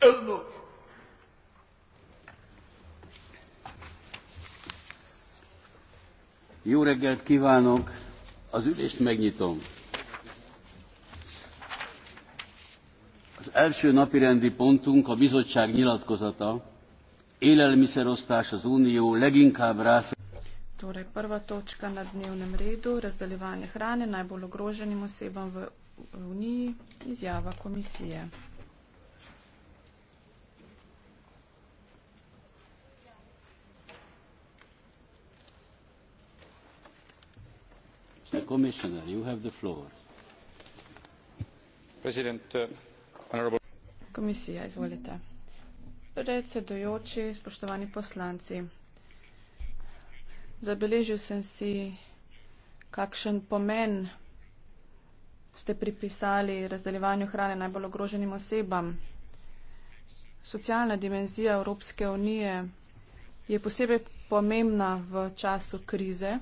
Elmo. Jó reggelt kívánok! Az ülést megnyitom. Az első napirendi pontunk a bizottság nyilatkozata. Élelmiszerosztás az Unió leginkább rász... Torej, prva točka na dnevnem redu, razdeljevanje hrane najbolj ogroženim osebam v Uniji, izjava komisije. commissioner you have the floor president uh, honorable komisija izvolite predsedujoči spoštovani poslanci zabeležil sem si kakšen pomen ste pripisali razdeljevanju hrane najbolj ogroženim osebam socialna dimenzija evropske unije je posebej pomembna v času krize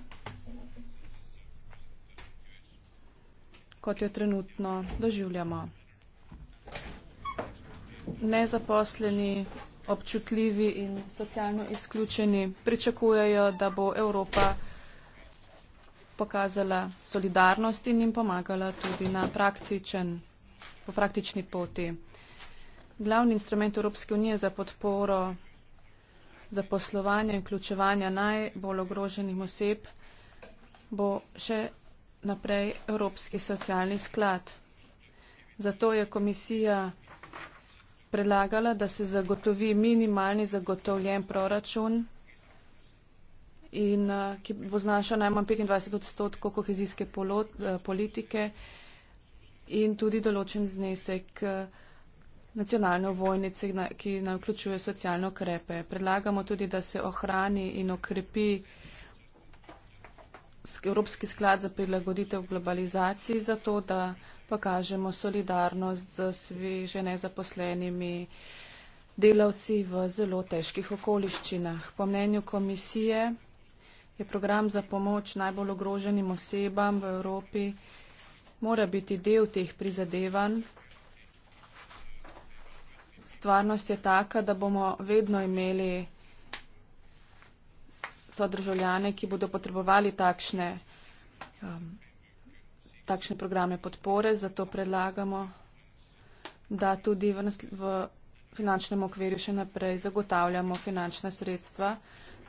kot jo trenutno doživljamo. Nezaposleni, občutljivi in socialno izključeni pričakujejo, da bo Evropa pokazala solidarnost in jim pomagala tudi na praktičen, po praktični poti. Glavni instrument Evropske unije za podporo zaposlovanja in vključevanja najbolj ogroženih oseb bo še naprej Evropski socialni sklad. Zato je komisija predlagala, da se zagotovi minimalni zagotovljen proračun, in, eh, ki bo znašal najmanj 25 odstotkov kohezijske eh, politike in tudi določen znesek eh, nacionalne vojnice, ki naj vključuje socialne okrepe. Predlagamo tudi, da se ohrani in okrepi Evropski sklad za prilagoditev globalizaciji za to, da pokažemo solidarnost z sveže nezaposlenimi delavci v zelo težkih okoliščinah. Po mnenju komisije je program za pomoč najbolj ogroženim osebam v Evropi, mora biti del teh prizadevanj. Stvarnost je taka, da bomo vedno imeli so državljane, ki bodo potrebovali takšne, um, takšne programe podpore, zato predlagamo, da tudi v, v finančnem okvirju še naprej zagotavljamo finančna sredstva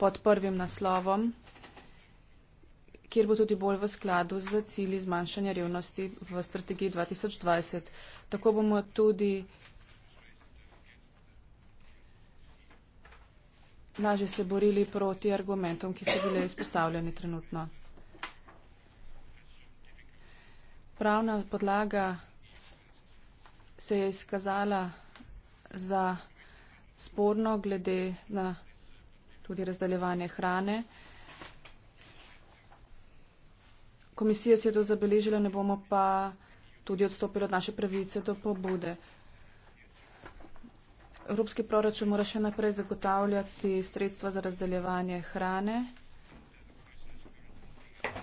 pod prvim naslovom, kjer bo tudi bolj v skladu z cilji zmanjšanja revnosti v strategiji 2020. Tako bomo tudi lažje se borili proti argumentom, ki so bile izpostavljene trenutno. Pravna podlaga se je izkazala za sporno glede na tudi razdaljevanje hrane. Komisija si je to zabeležila, ne bomo pa tudi odstopili od naše pravice do pobude. Evropski proračun mora še naprej zagotavljati sredstva za razdeljevanje hrane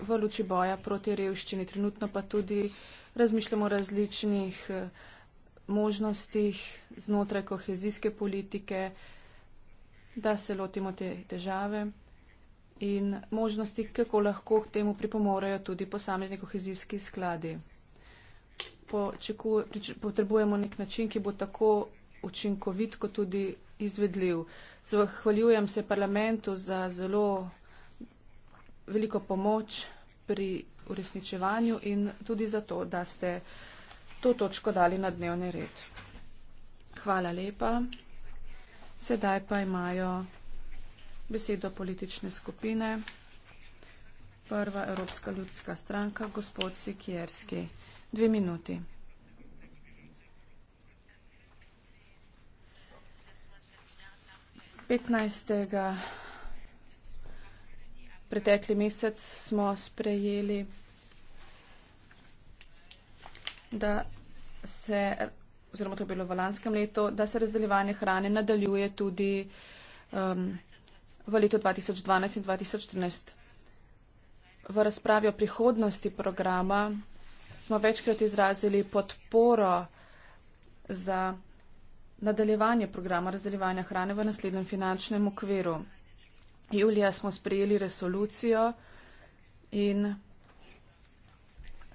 v luči boja proti revščini. Trenutno pa tudi razmišljamo o različnih eh, možnostih znotraj kohezijske politike, da se lotimo te težave in možnosti, kako lahko k temu pripomorejo tudi posamezni kohezijski skladi. Po, čeku, potrebujemo nek način, ki bo tako učinkovit, kot tudi izvedljiv. Zahvaljujem se parlamentu za zelo veliko pomoč pri uresničevanju in tudi za to, da ste to točko dali na dnevni red. Hvala lepa. Sedaj pa imajo besedo politične skupine. Prva Evropska ljudska stranka, gospod Sikjerski. Dve minuti. 15. pretekli mesec smo sprejeli, da se, oziroma to je bilo v lanskem letu, da se razdeljevanje hrane nadaljuje tudi um, v letu 2012 in 2013. V razpravi o prihodnosti programa smo večkrat izrazili podporo za nadaljevanje programa razdeljevanja hrane v naslednjem finančnem okviru. Julija smo sprejeli resolucijo in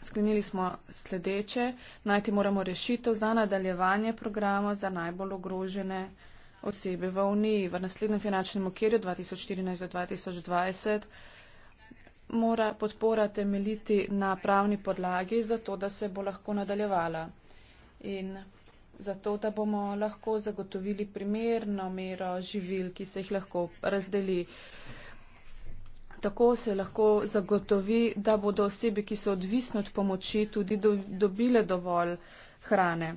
sklenili smo sledeče. Najti moramo rešitev za nadaljevanje programa za najbolj ogrožene osebe v Uniji. V naslednjem finančnem okviru 2014-2020 mora podpora temeljiti na pravni podlagi, zato da se bo lahko nadaljevala. In zato da bomo lahko zagotovili primerno mero živil, ki se jih lahko razdeli. Tako se lahko zagotovi, da bodo osebe, ki so odvisne od pomoči, tudi do, dobile dovolj hrane.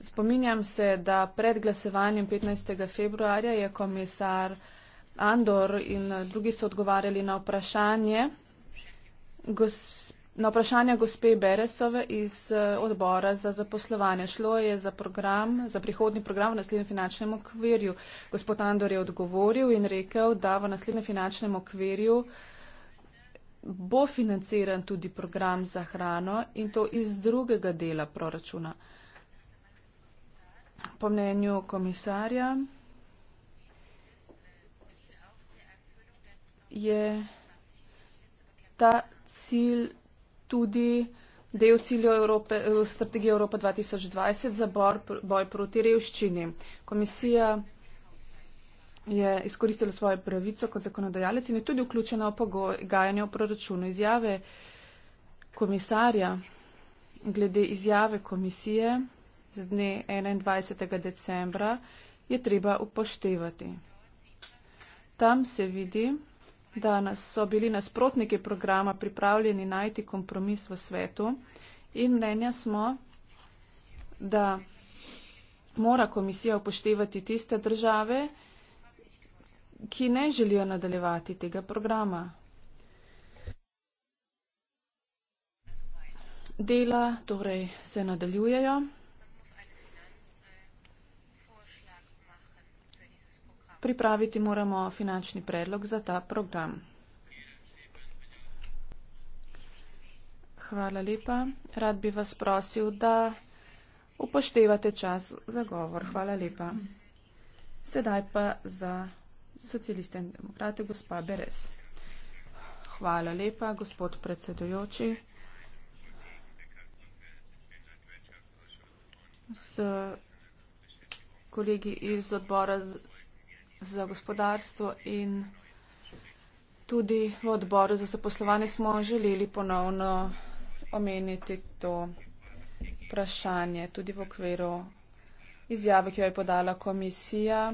Spominjam se, da pred glasovanjem 15. februarja je komisar Andor in drugi so odgovarjali na vprašanje. Gosp Na vprašanje gospe Beresove iz eh, odbora za zaposlovanje šlo je za, program, za prihodni program v naslednjem finančnem okvirju. Gospod Andor je odgovoril in rekel, da v naslednjem finančnem okvirju bo financiran tudi program za hrano in to iz drugega dela proračuna. Po mnenju komisarja je ta cilj tudi del ciljev eh, strategije Evropa 2020 za bor, boj proti revščini. Komisija je izkoristila svojo pravico kot zakonodajalec in je tudi vključena v pogajanje o proračunu. Izjave komisarja glede izjave komisije z dne 21. decembra je treba upoštevati. Tam se vidi, da nas so bili nasprotniki programa pripravljeni najti kompromis v svetu in mnenja smo, da mora komisija upoštevati tiste države, ki ne želijo nadaljevati tega programa. Dela torej se nadaljujejo. Pripraviti moramo finančni predlog za ta program. Hvala lepa. Rad bi vas prosil, da upoštevate čas za govor. Hvala lepa. Sedaj pa za socialiste in demokrate, gospa Beres. Hvala lepa, gospod predsedujoči. S kolegi iz odbora za gospodarstvo in tudi v odboru za zaposlovanje smo želeli ponovno omeniti to vprašanje tudi v okviru izjave, ki jo je podala komisija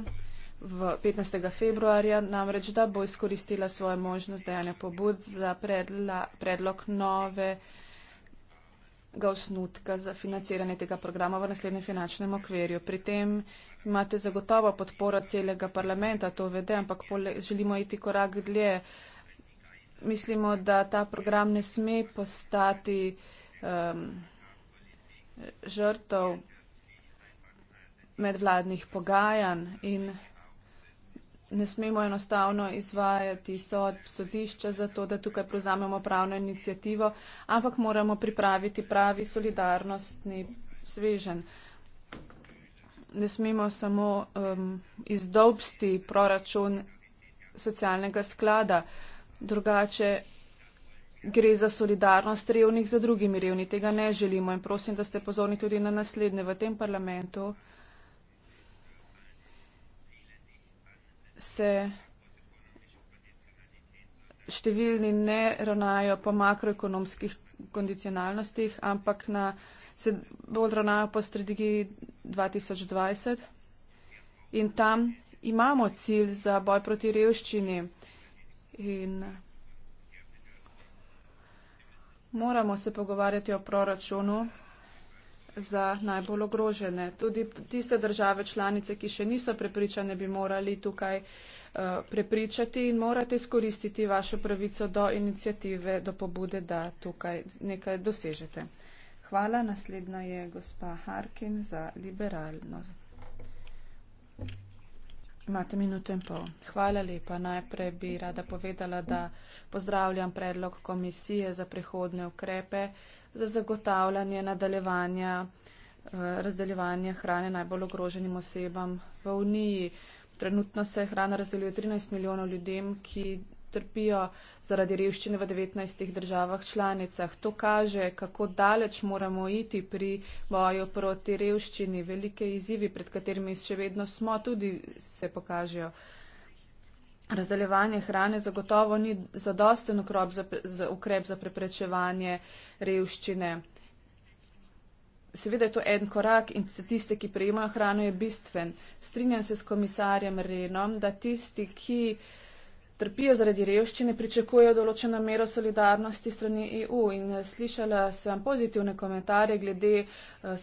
v 15. februarja, namreč, da bo izkoristila svojo možnost dejanja pobud za predla, predlog nove. Ga osnutka za financiranje tega programa v naslednjem finančnem okvirju. Pri tem imate zagotovo podporo celega parlamenta, to vede, ampak želimo iti korak dlje. Mislimo, da ta program ne sme postati um, žrtov medvladnih pogajanj in ne smemo enostavno izvajati sodb sodišča za to, da tukaj prevzamemo pravno inicijativo, ampak moramo pripraviti pravi solidarnostni svežen. Ne smemo samo um, izdobsti proračun socialnega sklada, drugače gre za solidarnost revnih za drugimi revni. Tega ne želimo in prosim, da ste pozorni tudi na naslednje v tem parlamentu. se številni ne ravnajo po makroekonomskih kondicionalnostih, ampak na, se bolj ravnajo po strategiji 2020. In tam imamo cilj za boj proti revščini. In moramo se pogovarjati o proračunu za najbolj ogrožene. Tudi tiste države članice, ki še niso prepričane, bi morali tukaj eh, prepričati in morate izkoristiti vašo pravico do inicijative, do pobude, da tukaj nekaj dosežete. Hvala. Naslednja je gospa Harkin za liberalnost. Imate minuto in pol. Hvala lepa. Najprej bi rada povedala, da pozdravljam predlog komisije za prihodne ukrepe za zagotavljanje nadaljevanja eh, razdeljevanja hrane najbolj ogroženim osebam v Uniji. Trenutno se hrana razdeljuje 13 milijonov ljudem, ki trpijo zaradi revščine v 19 državah članicah. To kaže, kako daleč moramo iti pri boju proti revščini. Velike izzivi, pred katerimi še vedno smo, tudi se pokažejo. Uh, razdeljevanje hrane zagotovo ni zadosten ukrop za, za ukrep za preprečevanje revščine. Seveda je to en korak in za tiste, ki prejemajo hrano, je bistven. Strinjam se s komisarjem Renom, da tisti, ki uh, trpijo zaradi revščine, pričakujejo določeno mero solidarnosti strani EU in eh, slišala sem pozitivne komentarje glede eh,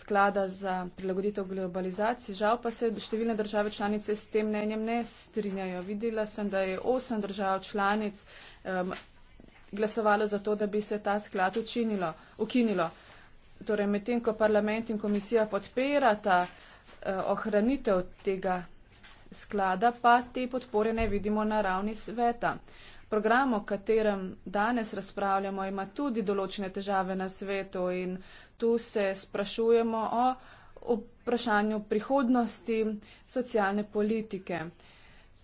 sklada za prilagoditev globalizacije. Žal pa se številne države članice s tem mnenjem ne strinjajo. Videla sem, da je osem držav članic um, glasovalo za to, da bi se ta sklad učinilo, ukinilo. Torej, medtem ko parlament in komisija podpirata uh, ohranitev tega sklada, pa te podpore ne vidimo na ravni sveta. Program, o katerem danes razpravljamo, ima tudi določene težave na svetu in tu se sprašujemo o vprašanju prihodnosti socialne politike.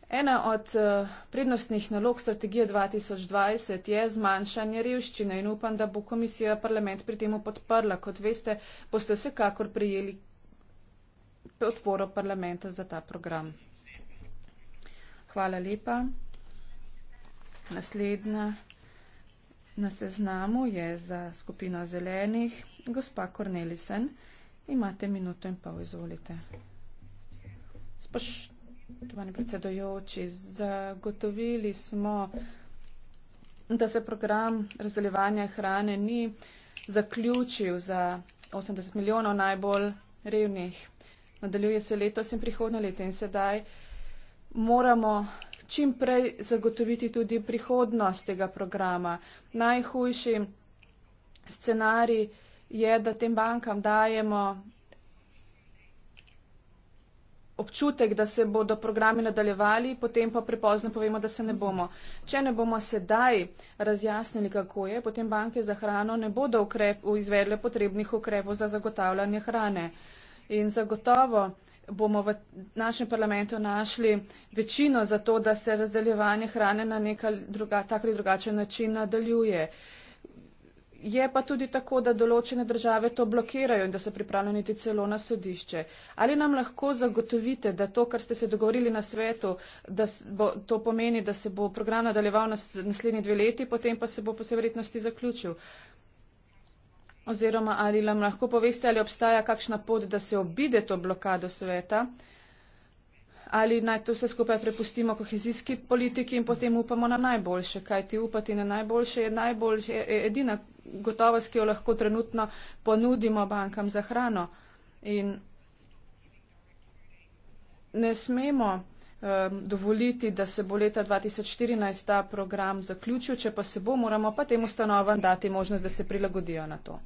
Ena od eh, prednostnih nalog strategije 2020 je zmanjšanje revščine in upam, da bo komisija parlament pri temu podprla. Kot veste, boste vsekakor prijeli odporo parlamenta za ta program. Hvala lepa. Naslednja na seznamu je za skupino zelenih gospa Kornelisen. Imate minuto in pol, izvolite. Spoštovani predsedojoči, zagotovili smo, da se program razdeljevanja hrane ni zaključil za 80 milijonov najbolj revnih. Nadaljuje se letos in prihodno leto in sedaj moramo čim prej zagotoviti tudi prihodnost tega programa. Najhujši scenarij je, da tem bankam dajemo občutek, da se bodo programi nadaljevali, potem pa prepozno povemo, da se ne bomo. Če ne bomo sedaj razjasnili, kako je, potem banke za hrano ne bodo ukrep, izvedle potrebnih ukrepov za zagotavljanje hrane. In zagotovo bomo v našem parlamentu našli večino za to, da se razdeljevanje hrane na nek tak ali drugačen način nadaljuje. Je pa tudi tako, da določene države to blokirajo in da so pripravljeni iti celo na sodišče. Ali nam lahko zagotovite, da to, kar ste se dogovorili na svetu, da bo, to pomeni, da se bo program nadaljeval nas, naslednji dve leti, potem pa se bo po vsej verjetnosti zaključil? Oziroma, ali nam lahko poveste, ali obstaja kakšna pot, da se obide to blokado sveta, ali naj to vse skupaj prepustimo kohezijski politiki in potem upamo na najboljše, kajti upati na najboljše je, najboljše, je edina gotovost, ki jo lahko trenutno ponudimo bankam za hrano. In ne smemo um, dovoliti, da se bo leta 2014 ta program zaključil, če pa se bo, moramo pa tem ustanovam dati možnost, da se prilagodijo na to.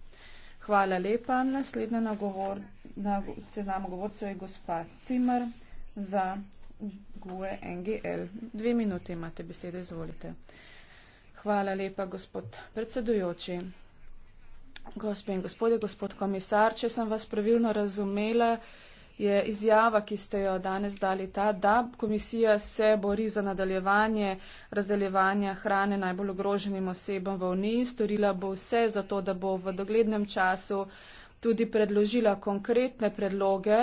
Hvala lepa. Naslednja na, govor, na seznamu govorcev je gospa Cimer za GUE NGL. Dve minute imate besedo, izvolite. Hvala lepa, gospod predsedujoči. Gospe in gospode, gospod komisar, če sem vas pravilno razumela, je izjava, ki ste jo danes dali, ta, da komisija se bori za nadaljevanje razdeljevanja hrane najbolj ogroženim osebam v Uniji, storila bo vse za to, da bo v doglednem času tudi predložila konkretne predloge,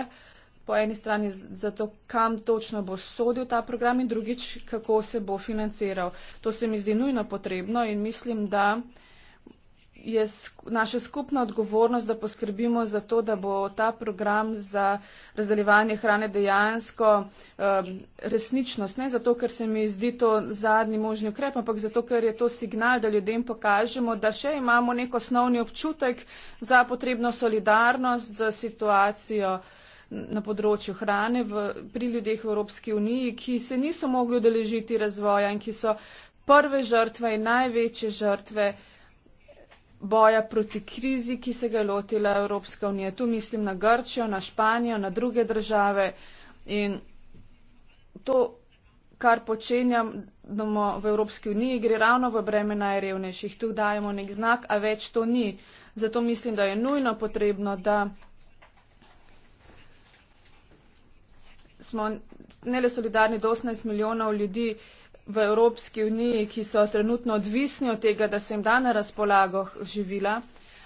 po eni strani za to, kam točno bo sodil ta program in drugič, kako se bo financiral. To se mi zdi nujno potrebno in mislim, da je naša skupna odgovornost, da poskrbimo za to, da bo ta program za razdeljevanje hrane dejansko um, resničnost. Ne zato, ker se mi zdi to zadnji možni ukrep, ampak zato, ker je to signal, da ljudem pokažemo, da še imamo nek osnovni občutek za potrebno solidarnost za situacijo na področju hrane v, pri ljudeh v Evropski uniji, ki se niso mogli odeležiti razvoja in ki so prve žrtve in največje žrtve boja proti krizi, ki se ga je lotila Evropska unija. Tu mislim na Grčijo, na Španijo, na druge države. In to, kar počenjam, da bomo v Evropski uniji gre ravno v breme najrevnejših. Tu dajemo nek znak, a več to ni. Zato mislim, da je nujno potrebno, da smo ne le solidarni do 18 milijonov ljudi, v Evropski uniji, ki so trenutno odvisni od tega, da se jim da na razpolago živila,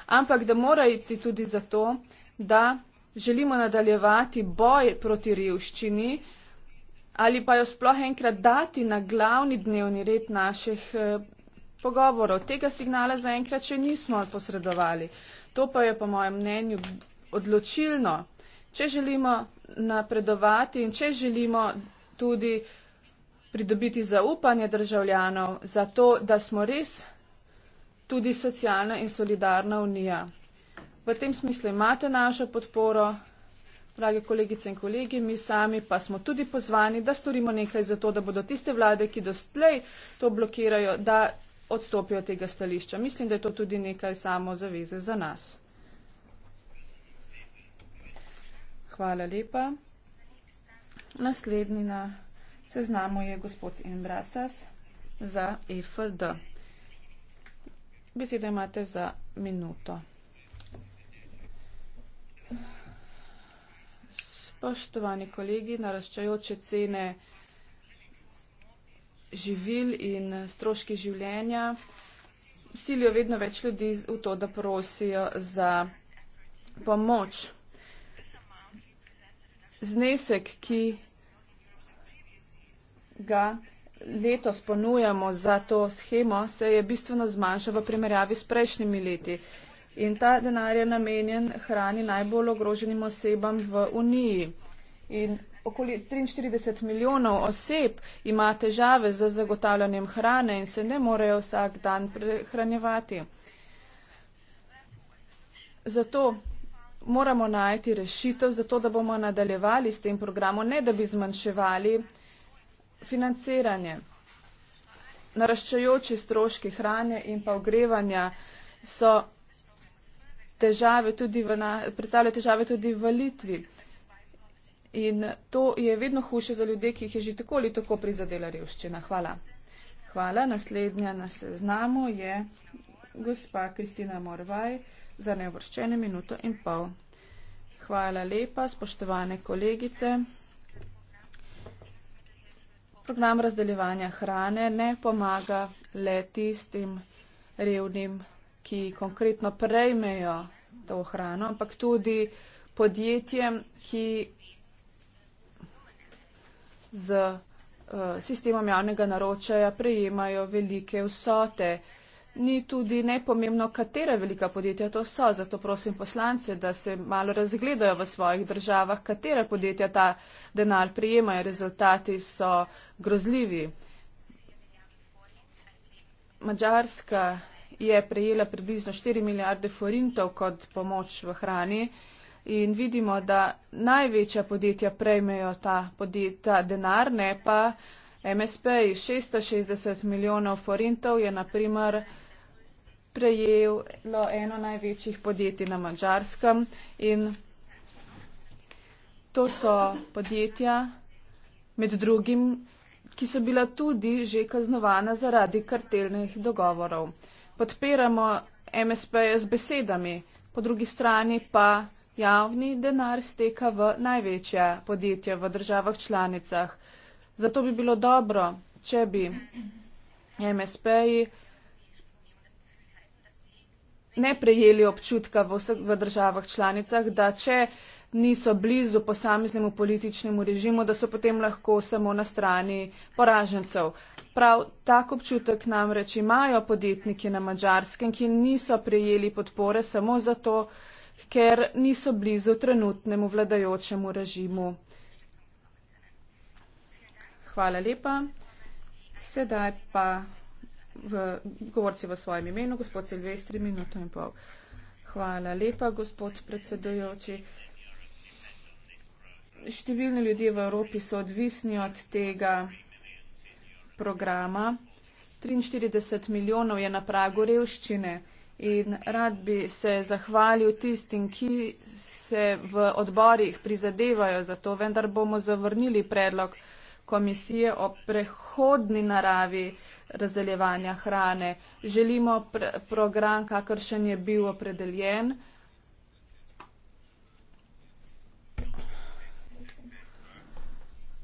ampak da mora iti tudi zato, da želimo nadaljevati boj proti revščini ali pa jo sploh enkrat dati na glavni dnevni red naših eh, pogovorov. Tega signala zaenkrat še nismo posredovali. To pa je po mojem mnenju odločilno, če želimo napredovati in če želimo tudi pridobiti zaupanje državljanov za to, da smo res tudi socialna in solidarna unija. V tem smislu imate našo podporo, drage kolegice in kolegi, mi sami pa smo tudi pozvani, da storimo nekaj za to, da bodo tiste vlade, ki doslej to blokirajo, da odstopijo tega stališča. Mislim, da je to tudi nekaj samo zaveze za nas. Hvala lepa. Naslednji na seznamu je gospod Imbrasas za EFLD. Besedo imate za minuto. Spoštovani kolegi, naraščajoče cene živil in stroški življenja silijo vedno več ljudi v to, da prosijo za pomoč. Znesek, ki ga letos ponujamo za to schemo, se je bistveno zmanjšal v primerjavi s prejšnjimi leti. In ta denar je namenjen hrani najbolj ogroženim osebam v Uniji. In okoli 43 milijonov oseb ima težave z zagotavljanjem hrane in se ne morejo vsak dan prehranjevati. Zato moramo najti rešitev, zato da bomo nadaljevali s tem programom, ne da bi zmanjševali financiranje. Naraščajoči stroški hranje in pa ogrevanja so težave tudi v, predstavljajo težave tudi v Litvi. In to je vedno hujše za ljudi, ki jih je že tako ali tako prizadela revščina. Hvala. Hvala. Naslednja na seznamu je gospa Kristina Morvaj za neovrščene minuto in pol. Hvala lepa, spoštovane kolegice. Program razdeljevanja hrane ne pomaga le tistim revnim, ki konkretno prejmejo to hrano, ampak tudi podjetjem, ki z uh, sistemom javnega naročaja prejemajo velike vsote ni tudi nepomembno, katera velika podjetja to so. Zato prosim poslance, da se malo razgledajo v svojih državah, katera podjetja ta denar prijemajo. Rezultati so grozljivi. Mačarska je prejela približno 4 milijarde forintov kot pomoč v hrani in vidimo, da največja podjetja prejmejo ta, podjetja, ta denar, ne pa MSP. 660 milijonov forintov je naprimer prejelo eno največjih podjetij na Mačarskem in to so podjetja, med drugim, ki so bila tudi že kaznovana zaradi kartelnih dogovorov. Podpiramo MSP z besedami, po drugi strani pa javni denar steka v največja podjetja v državah članicah. Zato bi bilo dobro, če bi MSP-ji ne prejeli občutka v, vse, v državah članicah, da če niso blizu posameznemu političnemu režimu, da so potem lahko samo na strani poražencev. Prav tak občutek namreč imajo podjetniki na mačarskem, ki niso prejeli podpore samo zato, ker niso blizu trenutnemu vladajočemu režimu. Hvala lepa. Sedaj pa v, govorci v svojem imenu, gospod Silvestri, minuto in pol. Hvala lepa, gospod predsedujoči. Številni ljudje v Evropi so odvisni od tega programa. 43 milijonov je na pragu revščine in rad bi se zahvalil tistim, ki se v odborih prizadevajo za to, vendar bomo zavrnili predlog komisije o prehodni naravi razdeljevanja hrane. Želimo pr program, kakršen je bil opredeljen.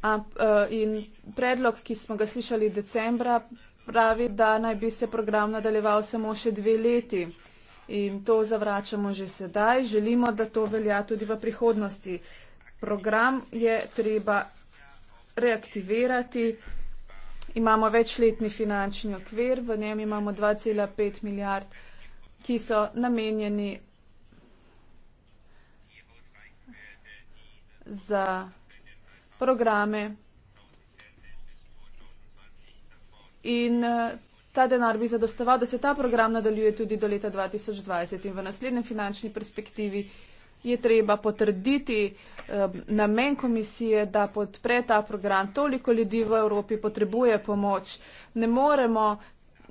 A, e, in predlog, ki smo ga slišali decembra, pravi, da naj bi se program nadaljeval samo še dve leti. In to zavračamo že sedaj. Želimo, da to velja tudi v prihodnosti. Program je treba reaktivirati imamo večletni finančni okvir, v njem imamo 2,5 milijard, ki so namenjeni za programe. In eh, ta denar bi zadostoval, da se ta program nadaljuje tudi do leta 2020 in v naslednjem finančni perspektivi je treba potrditi eh, namen komisije, da podpre ta program. Toliko ljudi v Evropi potrebuje pomoč. Ne moremo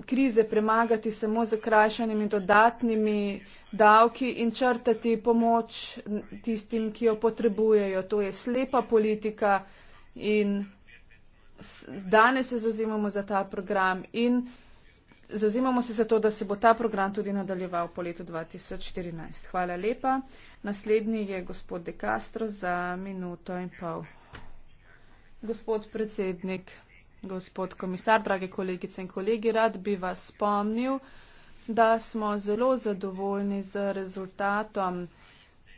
krize premagati samo z krajšanimi dodatnimi davki in črtati pomoč tistim, ki jo potrebujejo. To je slepa politika in danes se zauzimamo za ta program in zauzimamo se za to, da se bo ta program tudi nadaljeval po letu 2014. Hvala lepa. Naslednji je gospod De Castro za minuto in pol. Gospod predsednik, gospod komisar, drage kolegice in kolegi, rad bi vas spomnil, da smo zelo zadovoljni z rezultatom,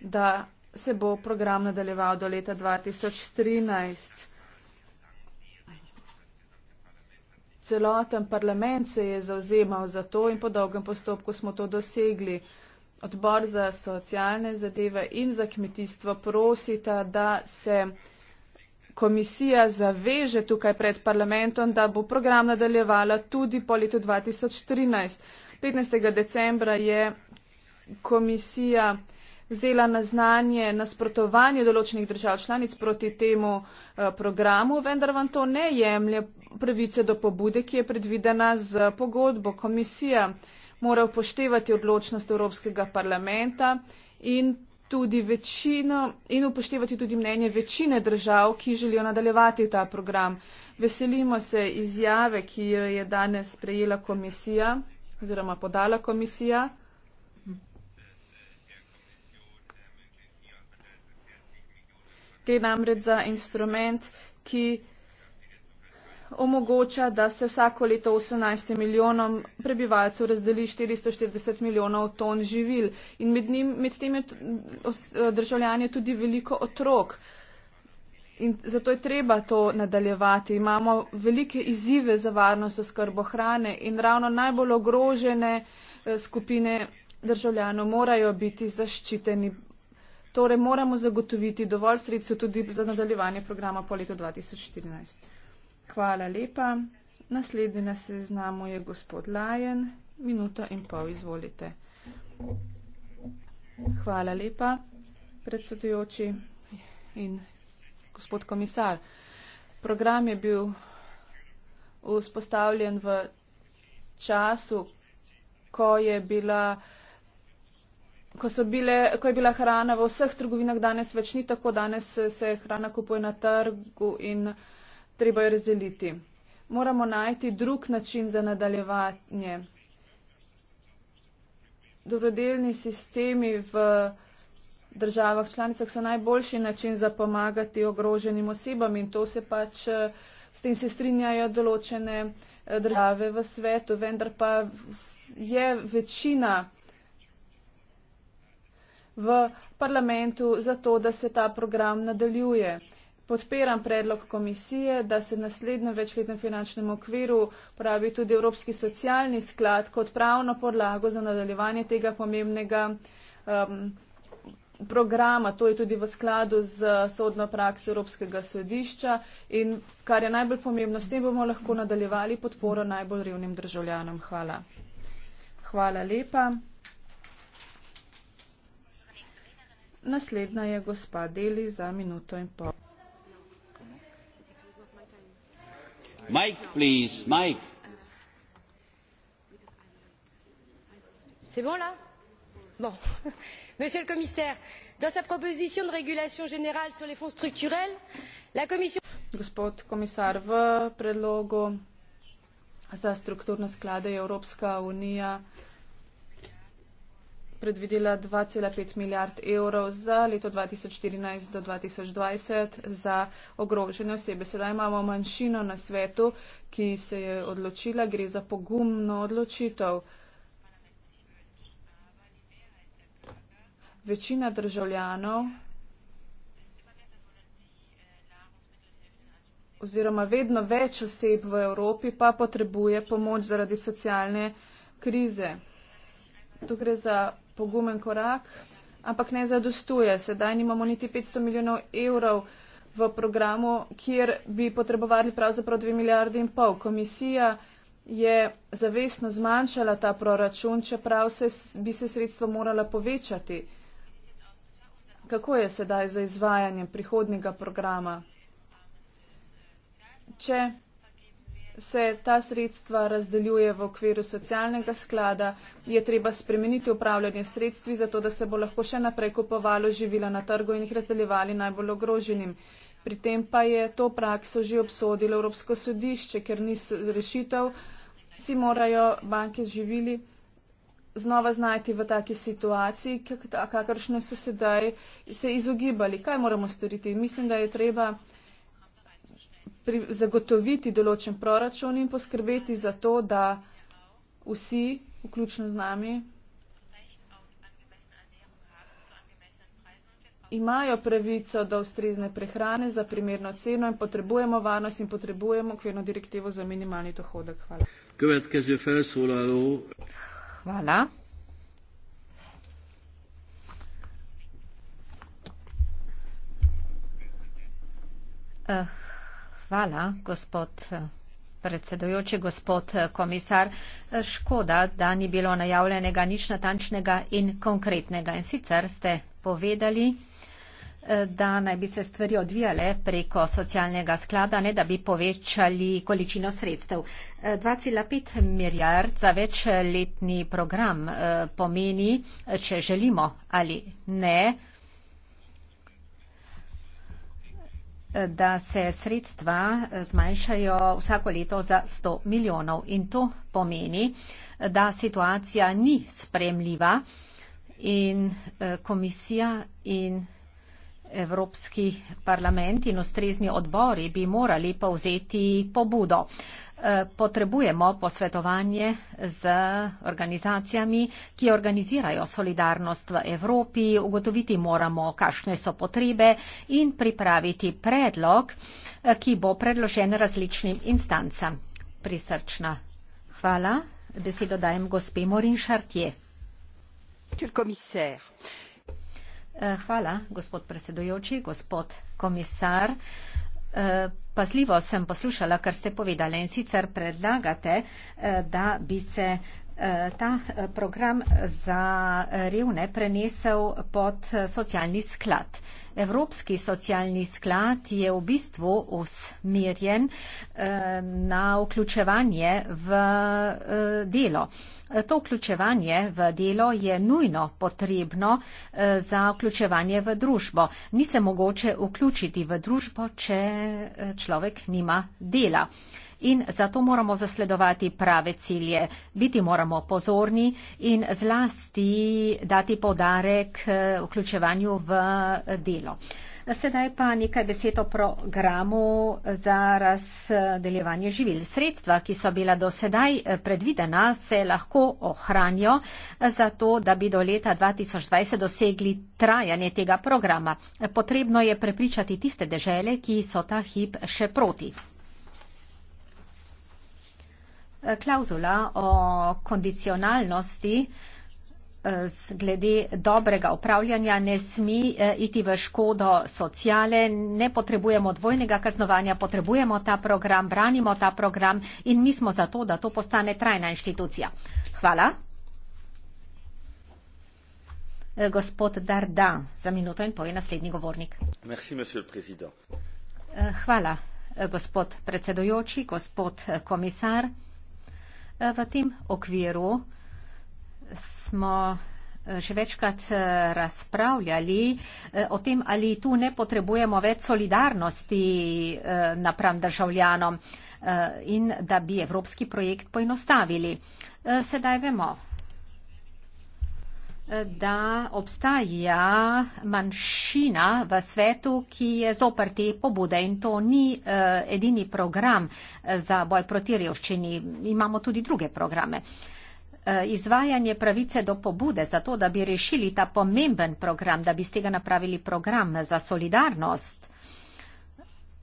da se bo program nadaljeval do leta 2013. Celoten parlament se je zauzemal za to in po dolgem postopku smo to dosegli odbor za socialne zadeve in za kmetijstvo prosita, da se komisija zaveže tukaj pred parlamentom, da bo program nadaljevala tudi po letu 2013. 15. decembra je komisija vzela na znanje nasprotovanje določenih držav članic proti temu eh, programu, vendar vam to ne jemlje pravice do pobude, ki je predvidena z pogodbo komisija mora upoštevati odločnost Evropskega parlamenta in, tudi večino, in upoštevati tudi mnenje večine držav, ki želijo nadaljevati ta program. Veselimo se izjave, ki jo je danes sprejela komisija oziroma podala komisija. Gre namreč za instrument, ki omogoča, da se vsako leto 18 milijonom prebivalcev razdeli 440 milijonov ton živil. In med, njim, med temi eh, državljanje tudi veliko otrok. In zato je treba to nadaljevati. Imamo velike izzive za varnost oskrbo hrane in ravno najbolj ogrožene eh, skupine državljanov morajo biti zaščiteni. Torej moramo zagotoviti dovolj sredstev tudi za nadaljevanje programa po letu 2014. Hvala lepa. Naslednji na seznamu je gospod Lajen. Minuto in pol, izvolite. Hvala lepa, predsedujoči in gospod komisar. Program je bil vzpostavljen v času, ko je bila. Ko, bile, ko je bila hrana v vseh trgovinah, danes več ni tako, danes se hrana kupuje na trgu in uh, treba jo razdeliti. Moramo najti drug način za nadaljevanje. Dobrodelni sistemi v državah članicah so najboljši način za pomagati ogroženim osebam in to se pač eh, s tem se strinjajo določene eh, države v svetu, vendar pa je večina v parlamentu za to, da se ta program nadaljuje. Podpiram predlog komisije, da se naslednjo večletno finančnem okviru pravi tudi Evropski socialni sklad kot pravno podlago za nadaljevanje tega pomembnega um, programa. To je tudi v skladu z sodno prakso Evropskega sodišča in kar je najbolj pomembno, s tem bomo lahko nadaljevali podporo najbolj revnim državljanom. Hvala. Hvala lepa. Naslednja je gospa Deli za minuto in pol. monsieur le commissaire dans sa proposition de régulation générale sur les fonds structurels la commission. gospod komisar v predlogu za strukturne sklade je evropska unija predvidela 2,5 milijard evrov za leto 2014 do 2020 za ogrožene osebe. Sedaj imamo manjšino na svetu, ki se je odločila, gre za pogumno odločitev. Večina državljanov oziroma vedno več oseb v Evropi pa potrebuje pomoč zaradi socialne krize. Tu gre za pogumen korak, ampak ne zadostuje. Sedaj nimamo niti 500 milijonov evrov v programu, kjer bi potrebovali pravzaprav 2 milijarde in pol. Komisija je zavestno zmanjšala ta proračun, čeprav se, bi se sredstvo morala povečati. Kako je sedaj za izvajanje prihodnega programa? Če se ta sredstva razdeljuje v okviru socialnega sklada, je treba spremeniti upravljanje sredstvi, zato da se bo lahko še naprej kupovalo živila na trgu in jih razdeljevali najbolj ogroženim. Pri tem pa je to prakso že obsodilo Evropsko sodišče, ker ni rešitev, si morajo banke živili znova znajti v taki situaciji, kakršne so sedaj se izogibali. Kaj moramo storiti? Mislim, da je treba pri, zagotoviti določen proračun in poskrbeti za to, da vsi, vključno z nami, imajo pravico do ustrezne prehrane za primerno ceno in potrebujemo varnost in potrebujemo okvirno direktivo za minimalni dohodek. Hvala. Hvala. Uh. Hvala, gospod eh, predsedujoči, gospod eh, komisar. Eh, škoda, da ni bilo najavljenega nič natančnega in konkretnega. In sicer ste povedali, da naj bi se stvari odvijale preko socialnega sklada, ne da bi povečali količino sredstev. 2,5 milijard za večletni program pomeni, če želimo ali ne, da se sredstva eh, zmanjšajo vsako leto za 100 milijonov. In to pomeni, da situacija ni spremljiva in eh, komisija in Evropski parlament in ustrezni odbori bi morali povzeti pobudo. E, potrebujemo posvetovanje z organizacijami, ki organizirajo solidarnost v Evropi, ugotoviti moramo, kakšne so potrebe in pripraviti predlog, e, ki bo predložen različnim instancam. Prisrčna hvala. Besedo dajem gospe Morin Šartje. Eh, hvala, gospod predsedujoči, gospod komisar. Eh, pazljivo sem poslušala, kar ste povedali in sicer predlagate, eh, da bi se ta program za revne prenesel pod socialni sklad. Evropski socialni sklad je v bistvu usmerjen na vključevanje v delo. To vključevanje v delo je nujno potrebno eh, za vključevanje v družbo. Ni se mogoče vključiti v družbo, če eh, človek nima dela. In zato moramo zasledovati prave cilje, biti moramo pozorni in zlasti dati podarek eh, vključevanju v delo. Sedaj pa nekaj besed o programu za razdeljevanje živil. Sredstva, ki so bila do sedaj eh, predvidena, se lahko ohranijo eh, za to, da bi do leta 2020 dosegli trajanje tega programa. Potrebno je prepričati tiste dežele, ki so ta hip še proti. Eh, Klauzula o kondicionalnosti glede dobrega upravljanja ne smi eh, iti v škodo sociale, ne potrebujemo dvojnega kaznovanja, potrebujemo ta program, branimo ta program in mi smo zato, da to postane trajna inštitucija. Hvala. Eh, gospod Darda, za minuto in pol je naslednji govornik. Merci, eh, Hvala, gospod predsedujoči, gospod komisar. V tem okviru smo eh, še večkrat eh, razpravljali eh, o tem, ali tu ne potrebujemo več solidarnosti napram državljanom in da bi evropski projekt poenostavili. Sedaj vemo, da obstaja manjšina v svetu, ki je zopr te pobude in to ni edini program za boj proti revščini. Imamo tudi druge programe. Eh, izvajanje pravice do pobude za to, da bi rešili ta pomemben program, da bi z tega napravili program za solidarnost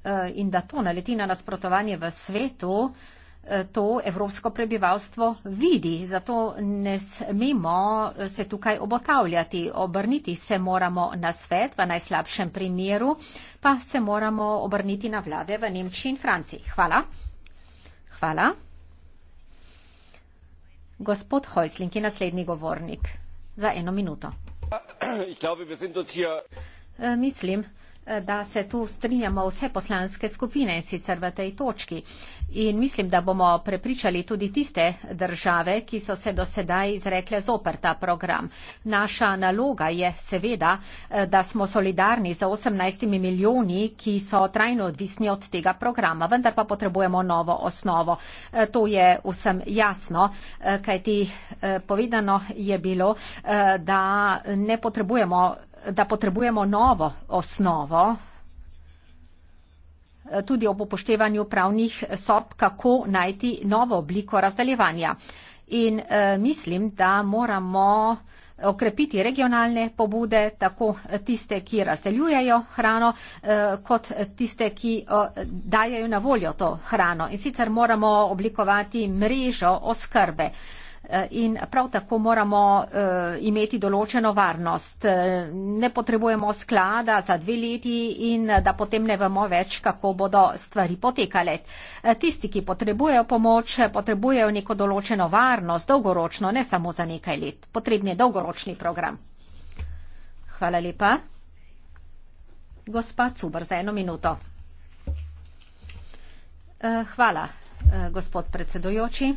eh, in da to naleti na nasprotovanje v svetu, eh, to evropsko prebivalstvo vidi. Zato ne smemo se tukaj obotavljati. Obrniti se moramo na svet, v najslabšem primeru pa se moramo obrniti na vlade v Nemčiji in Franciji. Hvala. Hvala. Gospod Heusling je naslednji govornik za eno minuto. Eh, mislim, Eh, da se tu strinjamo vse poslanske skupine in sicer v tej točki. In mislim, da bomo prepričali tudi tiste države, ki so se do sedaj izrekle zoper ta program. Naša naloga je seveda, eh, da smo solidarni za 18 milijoni, ki so trajno odvisni od tega programa, vendar pa potrebujemo novo osnovo. Eh, to je vsem jasno, kajti povedano je bilo, da ne potrebujemo da potrebujemo novo osnovo, tudi ob upoštevanju pravnih sob, kako najti novo obliko razdeljevanja. In eh, mislim, da moramo okrepiti regionalne pobude, tako tiste, ki razdeljujejo hrano, eh, kot tiste, ki dajejo na voljo to hrano. In sicer moramo oblikovati mrežo oskrbe. Eh, in prav tako moramo eh, imeti določeno varnost. Eh, ne potrebujemo sklada za dve leti in da potem ne vemo več, kako bodo stvari potekale. Tisti, ki potrebujejo pomoč, potrebujejo neko določeno varnost, dolgoročno, ne samo za nekaj let. Potrebni je dolgoročni program. Hvala lepa. Gospa Cubr, za eno minuto. Hvala, gospod predsedujoči.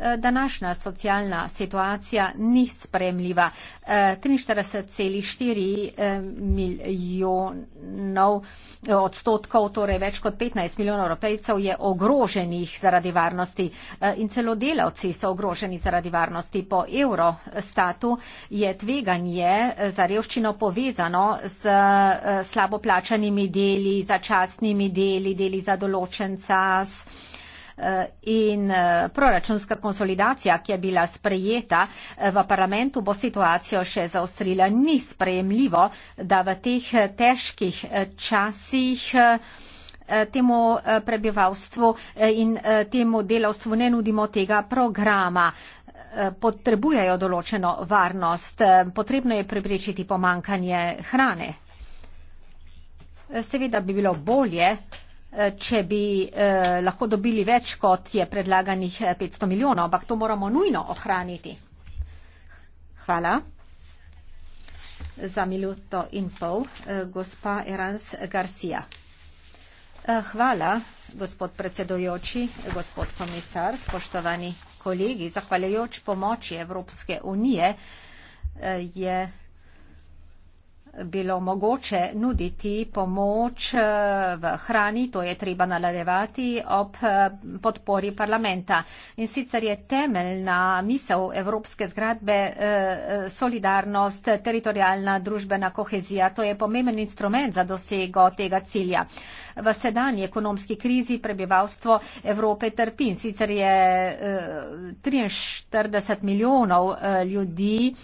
Eh, današnja socialna situacija ni spremljiva. 43,4 eh, eh, milijonov odstotkov, torej več kot 15 milijonov evropejcev je ogroženih zaradi varnosti in celo delavci so ogroženi zaradi varnosti. Po Eurostatu je tveganje za revščino povezano z slaboplačanimi deli, začasnimi deli, deli za določen cas. Eh, in eh, proračunska konsolidacija, ki je bila sprejeta eh, v parlamentu, bo situacijo še zaostrila. Ni sprejemljivo, da v teh težkih časih temu prebivalstvu in temu delavstvu ne nudimo tega programa. Potrebujejo določeno varnost, potrebno je preprečiti pomankanje hrane. Seveda bi bilo bolje, Eh, če bi eh, lahko dobili več, kot je predlaganih 500 eh, milijonov, ampak to moramo nujno ohraniti. Hvala za minuto in pol, gospa Erans Garcia. Hvala, gospod predsedojoči, gospod komisar, spoštovani kolegi. Zahvaljujoč pomoči Evropske unije je bilo mogoče nuditi pomoč eh, v hrani, to je treba nadaljevati ob eh, podpori parlamenta. In sicer je temeljna misel evropske zgradbe eh, solidarnost, teritorijalna družbena kohezija, to je pomemben instrument za dosego tega cilja. V sedanji ekonomski krizi prebivalstvo Evrope trpi in sicer je 43 milijonov ljudi,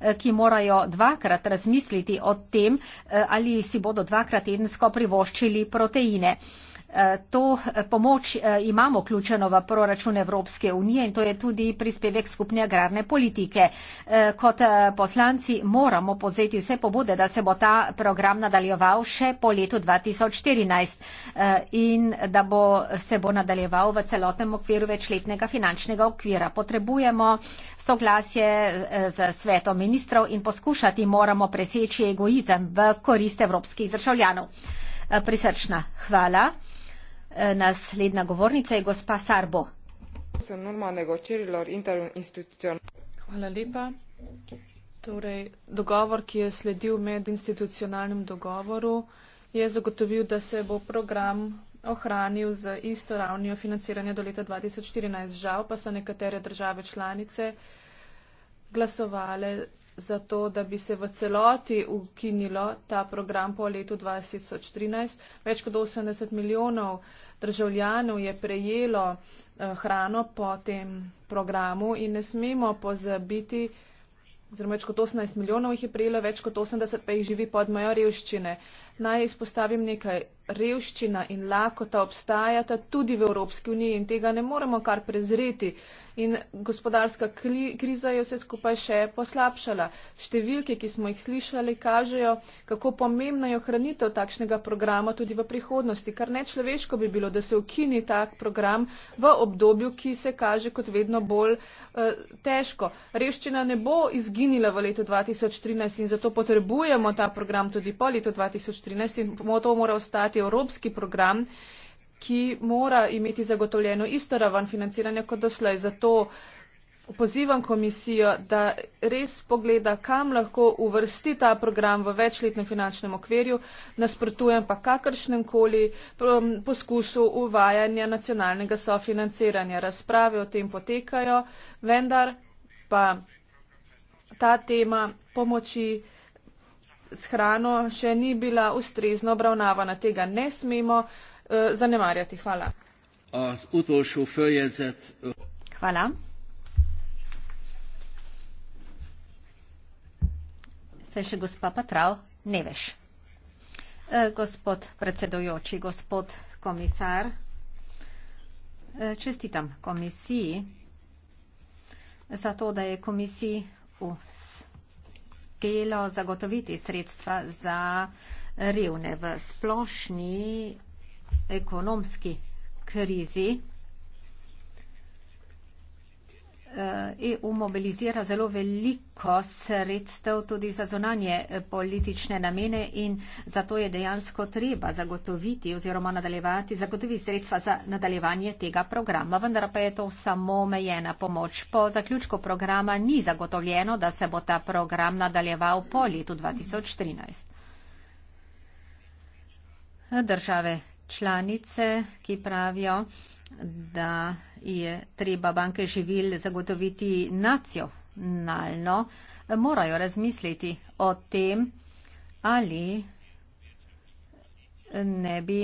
Eh, ki morajo dvakrat razmisliti o tem, eh, ali si bodo dvakrat tedensko privoščili proteine. To eh, pomoč eh, imamo vključeno v proračun Evropske unije in to je tudi prispevek skupne agrarne politike. Eh, Kot poslanci moramo pozeti vse pobude, da se bo ta program nadaljeval še po letu 2014 in da bo, se bo nadaljeval v celotnem okviru večletnega finančnega okvira. Potrebujemo soglasje z svetom ministrov in poskušati moramo preseči egoizem v korist evropskih državljanov. Prisrčna hvala. Eh, naslednja govornica je gospa Sarbo. Hvala lepa. Torej, dogovor, ki je sledil med institucionalnim dogovoru, je zagotovil, da se bo program ohranil z isto ravnjo financiranja do leta 2014. Žal pa so nekatere države članice glasovale za to, da bi se v celoti ukinilo ta program po letu 2013. Več kot 80 milijonov državljanov je prejelo eh, hrano po tem programu in ne smemo pozabiti, oziroma več kot 18 milijonov jih je prejelo, več kot 80 pa jih živi pod mojo revščine. Naj izpostavim nekaj revščina in lakota obstajata tudi v Evropski uniji in tega ne moremo kar prezreti. In gospodarska kri kriza je vse skupaj še poslabšala. Številke, ki smo jih slišali, kažejo, kako pomembna je ohranitev takšnega programa tudi v prihodnosti. Kar nečloveško bi bilo, da se ukini tak program v obdobju, ki se kaže kot vedno bolj uh, težko. Revščina ne bo izginila v letu 2013 in zato potrebujemo ta program tudi po letu 2013 in to mora ostati izvajati evropski program, ki mora imeti zagotovljeno isto raven financiranja kot doslej. Zato pozivam komisijo, da res pogleda, kam lahko uvrsti ta program v večletnem finančnem okvirju, nasprotujem pa kakršnem koli um, poskusu uvajanja nacionalnega sofinanciranja. Razprave o tem potekajo, vendar pa ta tema pomoči s hrano še ni bila ustrezno obravnavana. Tega ne smemo uh, zanemarjati. Hvala. Hvala. Se še gospa Patrav ne veš. Uh, eh, gospod predsedojoči, gospod komisar, uh, čestitam komisiji za to, da je komisiji vse uspelo zagotoviti sredstva za revne v splošni ekonomski krizi. EU eh, e mobilizira zelo veliko sredstev tudi za zonanje eh, politične namene in zato je dejansko treba zagotoviti oziroma nadaljevati, zagotoviti sredstva za nadaljevanje tega programa. Vendar pa je to samo omejena pomoč. Po zaključku programa ni zagotovljeno, da se bo ta program nadaljeval po letu 2013. Države članice, ki pravijo, da je treba banke živil zagotoviti nacionalno, morajo razmisliti o tem, ali ne bi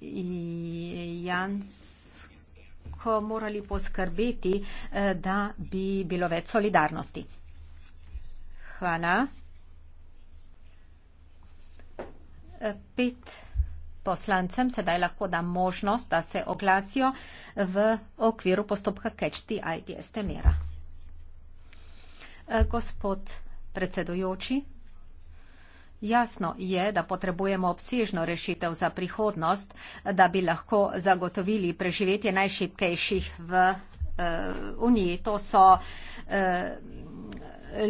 dejansko morali poskrbeti, da bi bilo več solidarnosti. Hvala. Pet poslancem sedaj lahko dam možnost, da se oglasijo v okviru postopka Catch the IDS Temera. Eh, gospod predsedujoči, jasno je, da potrebujemo obsežno rešitev za prihodnost, da bi lahko zagotovili preživetje najšipkejših v uh, Uniji. To so uh,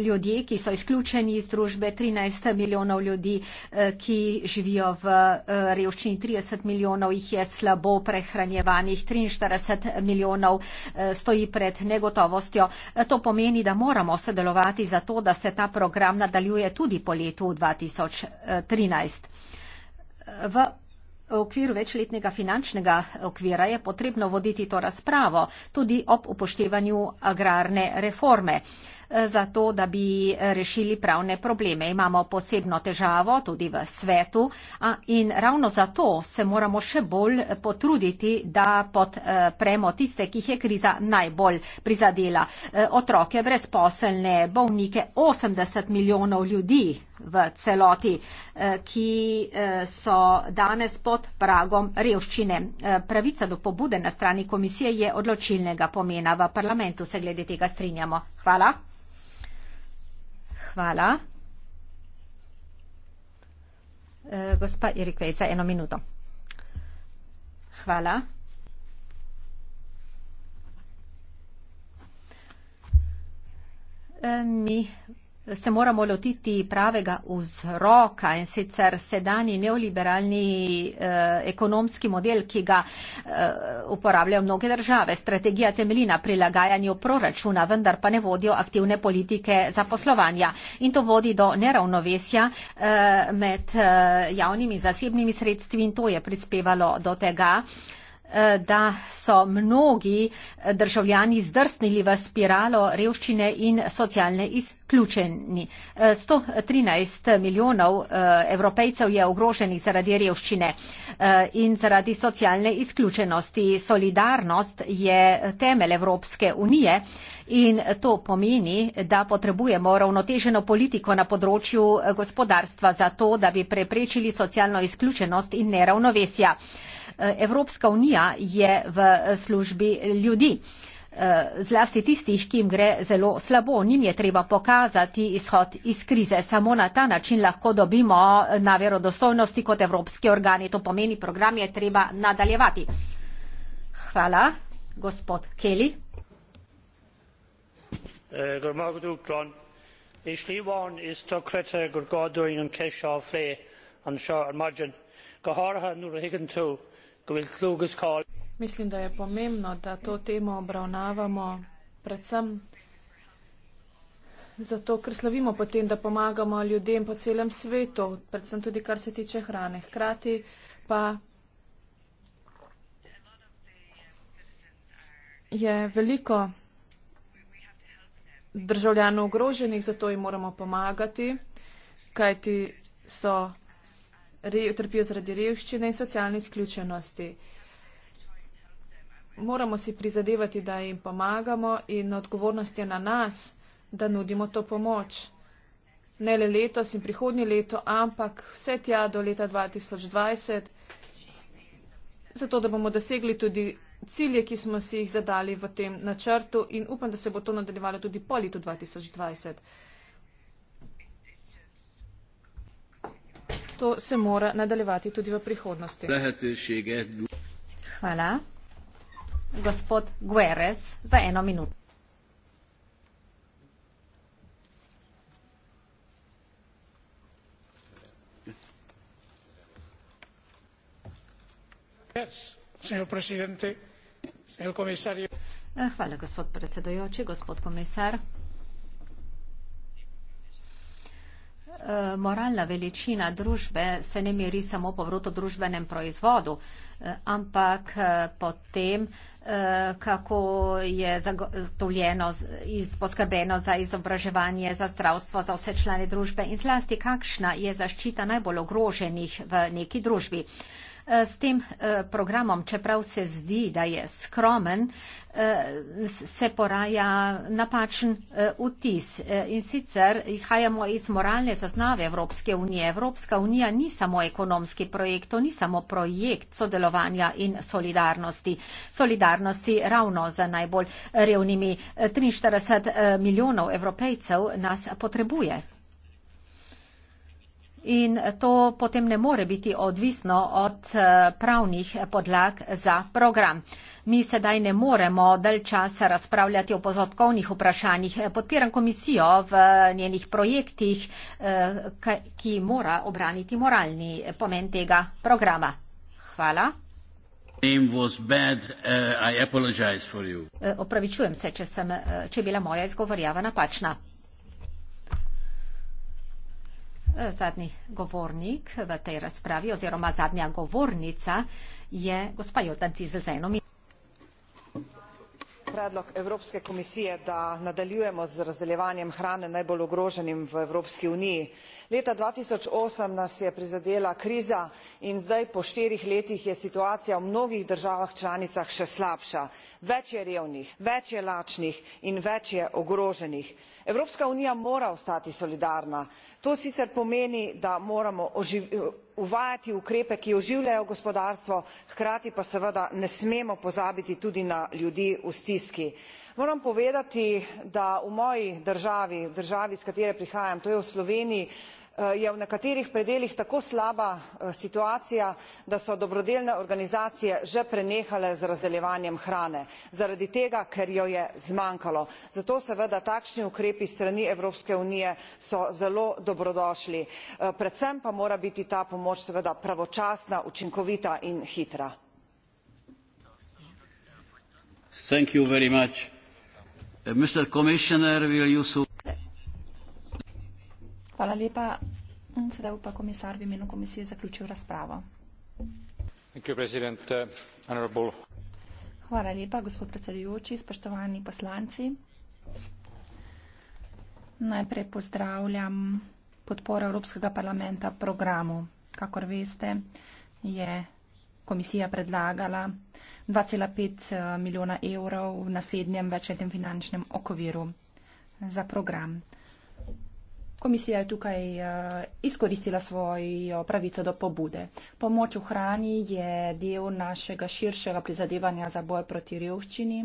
ljudje, ki so izključeni iz družbe, 13 milijonov ljudi, eh, ki živijo v eh, revščini, 30 milijonov jih je slabo prehranjevanih, 43 milijonov eh, stoji pred negotovostjo. To pomeni, da moramo sodelovati za to, da se ta program nadaljuje tudi po letu 2013. V V okviru večletnega finančnega okvira je potrebno voditi to razpravo tudi ob upoštevanju agrarne reforme zato, da bi rešili pravne probleme. Imamo posebno težavo tudi v svetu in ravno zato se moramo še bolj potruditi, da podpremo tiste, ki jih je kriza najbolj prizadela. E, otroke, brezposelne, bovnike, 80 milijonov ljudi v celoti, e, ki e, so danes pod pragom revščine. Pravica do pobude na strani komisije je odločilnega pomena. V parlamentu se glede tega strinjamo. Hvala. Hvala. E, gospa Irikvejca, eno minuto. Hvala. E, mi se moramo lotiti pravega vzroka in sicer sedani neoliberalni eh, ekonomski model, ki ga eh, uporabljajo mnoge države. Strategija temelji na prilagajanju proračuna, vendar pa ne vodijo aktivne politike zaposlovanja. In to vodi do neravnovesja eh, med eh, javnimi in zasebnimi sredstvi in to je prispevalo do tega, eh, Eh, da so mnogi državljani zdrsnili v spiralo revščine in socialne izključeni. 113 eh, milijonov eh, evropejcev je ogroženih zaradi revščine in zaradi socialne izključenosti. Solidarnost je temelj Evropske unije in to pomeni, da potrebujemo ravnoteženo politiko na področju gospodarstva za to, da bi preprečili socialno izključenost in neravnovesja. Evropska unija Slovenija je v eh, službi ljudi. Eh, zlasti tistih, ki jim gre zelo slabo, njim je treba pokazati izhod iz krize. Samo na ta način lahko dobimo eh, na verodostojnosti kot evropski organi. To pomeni, program je treba nadaljevati. Hvala, gospod Kelly. Uh, Mislim, da je pomembno, da to temo obravnavamo predvsem zato, ker slavimo potem, da pomagamo ljudem po celem svetu, predvsem tudi kar se tiče hrane. Hkrati pa je veliko državljanov ogroženih, zato jim moramo pomagati, kajti so trpijo zaradi revščine in socialne izključenosti. Moramo si prizadevati, da jim pomagamo in odgovornost je na nas, da nudimo to pomoč. Ne le letos in prihodnje leto, ampak vse tja do leta 2020, zato da bomo dosegli tudi cilje, ki smo si jih zadali v tem načrtu in upam, da se bo to nadaljevalo tudi po letu 2020. zato se mora nadaljevati tudi v prihodnosti. Hvala. Gospod Guerres, za eno minuto. Eh, hvala, gospod predsedujoči, gospod komisar. Eh, moralna veličina družbe se ne meri samo po vroto družbenem proizvodu, eh, ampak eh, po tem, kako je zagotovljeno in poskrbeno za izobraževanje, za zdravstvo, za vse člane družbe in zlasti, kakšna je zaščita najbolj ogroženih v neki družbi. Eh, s tem eh, programom, čeprav se zdi, da je skromen, eh, se poraja napačen vtis. In sicer izhajamo iz moralne zaznave Evropske unije. Evropska unija ni samo ekonomski projekt, to ni samo projekt sodelovanja in solidarnosti. Solidarnosti ravno za najbolj revnimi 43 milijonov evropejcev nas potrebuje. In to potem ne more biti odvisno od eh, pravnih podlag za program. Mi sedaj ne moremo dalj časa razpravljati o pozotkovnih vprašanjih. Podpiram komisijo v eh, njenih projektih, eh, ki mora obraniti moralni pomen tega programa. Hvala. Bad, uh, uh, opravičujem se, če, sem, če je bila moja izgovorjava napačna. Eh, zadnji govornik v tej razpravi oziroma zadnja govornica je gospa Jordan Cizelzenom. Predlog Evropske komisije, da nadaljujemo z razdeljevanjem hrane najbolj ogroženim v Evropski uniji. Leta 2008 nas je prizadela kriza in zdaj po štirih letih je situacija v mnogih državah članicah še slabša. Več je revnih, več je lačnih in več je ogroženih. Evropska unija mora ostati solidarna to sicer pomeni da moramo uvajati ukrepe ki oživljajo gospodarstvo hkrati pa seveda ne smemo pozabiti tudi na ljudi v stiski moram povedati da v moji državi državi iz katere prihajam to je v sloveniji Eh, je v nekaterih predelih tako slaba eh, situacija da so dobrodelne organizacije že prenehale z razdeljevanjem hrane zaradi tega ker jo je zmanjkalo zato seveda takšni ukrepi s strani evropske unije so zelo dobrodošli eh, predvsem pa mora biti ta pomoč seveda pravočasna učinkovita in hitra Hvala lepa. Sedaj upa komisar v imenu komisije zaključil razpravo. Uh, Hvala lepa, gospod predsedujoči, spoštovani poslanci. Najprej pozdravljam podporo Evropskega parlamenta programu. Kakor veste, je komisija predlagala 2,5 uh, milijona evrov v naslednjem večletnem finančnem okoviru za program. Komisija je tukaj eh, izkoristila svojo pravico do pobude. Pomoč v hrani je del našega širšega prizadevanja za boj proti revščini.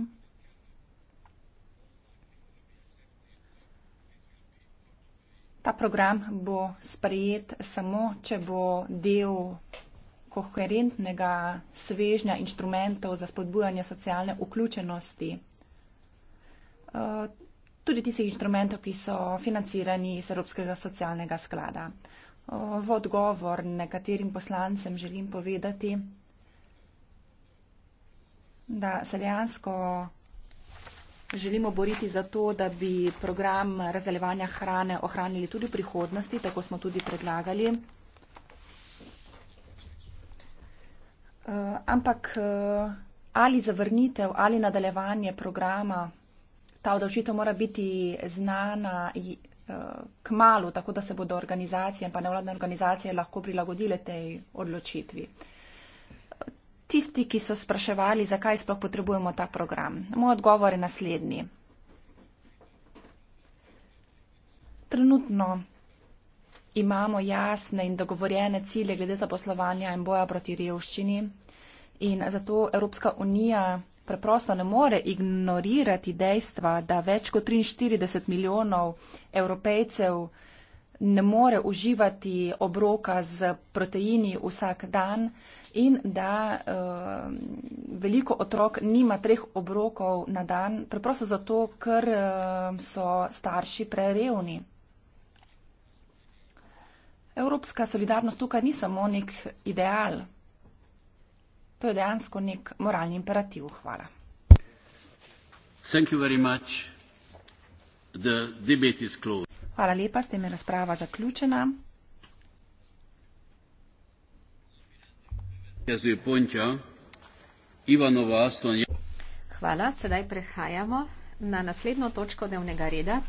Ta program bo sprejet samo, če bo del koherentnega svežnja inštrumentov za spodbujanje socialne vključenosti. Eh, tudi tistih inštrumentov, ki so financirani iz Evropskega socialnega sklada. V odgovor nekaterim poslancem želim povedati, da se dejansko želimo boriti za to, da bi program razdeljevanja hrane ohranili tudi v prihodnosti, tako smo tudi predlagali. Eh, ampak eh, ali zavrnitev ali nadaljevanje programa ta odločitev mora biti znana eh, k malu, tako da se bodo organizacije in pa nevladne organizacije lahko prilagodile tej odločitvi. Tisti, ki so spraševali, zakaj sploh potrebujemo ta program. Moj odgovor je naslednji. Trenutno imamo jasne in dogovorjene cilje glede zaposlovanja in boja proti revščini in zato Evropska unija preprosto ne more ignorirati dejstva, da več kot 43 milijonov evropejcev ne more uživati obroka z proteini vsak dan in da uh, veliko otrok nima treh obrokov na dan, preprosto zato, ker uh, so starši prerevni. Evropska solidarnost tukaj ni samo nek ideal. To je dejansko nek moralni imperativ. Hvala. Hvala lepa, s tem je razprava zaključena. Hvala, sedaj prehajamo na naslednjo točko dnevnega reda.